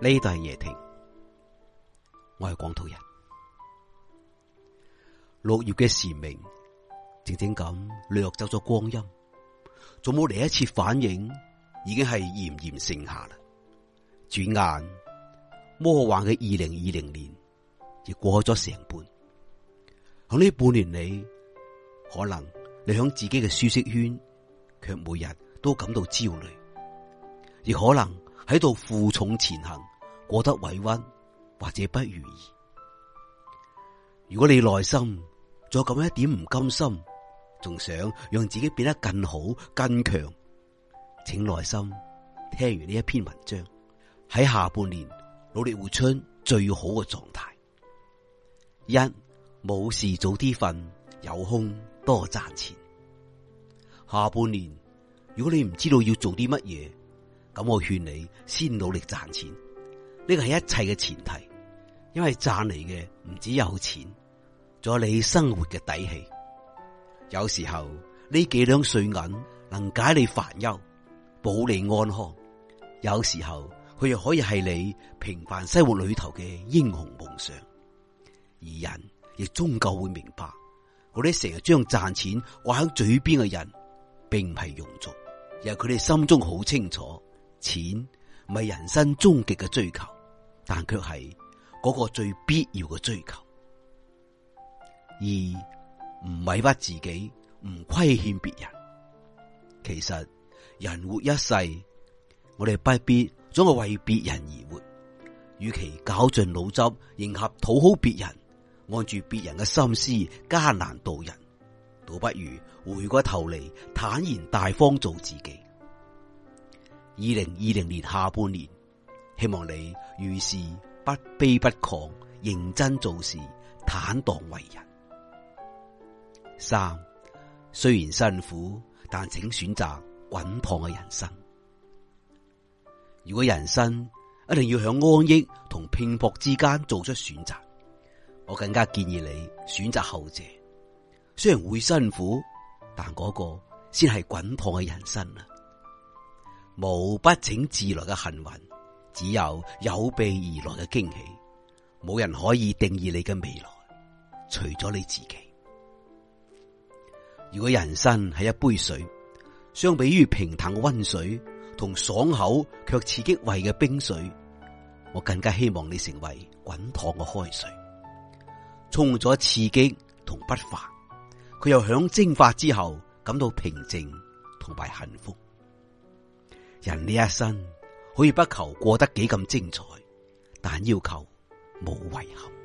呢度係夜亭，我係廣土人。六月嘅蟬鳴靜靜咁掠走咗光陰，仲冇嚟，一次反應，已經係炎炎盛夏啦。轉眼，魔幻嘅二零二零年亦過咗成半。喺呢半年裏，可能你響自己嘅舒適圈，卻每日都感到焦慮，亦可能。喺度負重前行，過得委屈或者不如意。如果你內心再咁一點唔甘心，仲想讓自己變得更好更強，請耐心聽完呢一篇文章。喺下半年努力活出最好嘅狀態。一冇，事早啲瞓，有空多賺錢。下半年如果你唔知道要做啲乜嘢。咁我勸你先努力賺錢，呢個係一切嘅前提。因為賺嚟嘅唔止有錢，仲有你生活嘅底氣。有時候呢幾兩碎銀能解你煩憂，保你安康；有時候佢又可以係你平凡生活裏頭嘅英雄夢想。而人亦終究會明白，嗰啲成日將賺錢掛喺嘴邊嘅人，並唔係庸俗，而係佢哋心中好清楚。錢唔係人生終極嘅追求，但卻係嗰個最必要嘅追求。二，唔委屈自己，唔虧欠別人。其實人活一世，我哋不必總係為別人而活。與其絞盡腦汁迎合討好別人，按住別人嘅心思艱難度日，倒不如回過頭嚟坦然大方做自己。二零二零年下半年，希望你遇事不卑不亢，認真做事，坦蕩為人。三，雖然辛苦，但請選擇滾燙嘅人生。如果人生一定要響安逸同拼搏之間做出選擇，我更加建議你選擇後者。雖然會辛苦，但嗰個先係滾燙嘅人生。無不請自來嘅幸運，只有有備而來嘅驚喜。冇人可以定義你嘅未來，除咗你自己。如果人生係一杯水，相比於平淡嘅溫水同爽口卻刺激胃嘅冰水，我更加希望你成為滾燙嘅開水，充滿咗刺激同不凡，佢又響蒸發之後感到平靜同埋幸福。人呢一生可以不求過得幾咁精彩，但要求冇遺憾。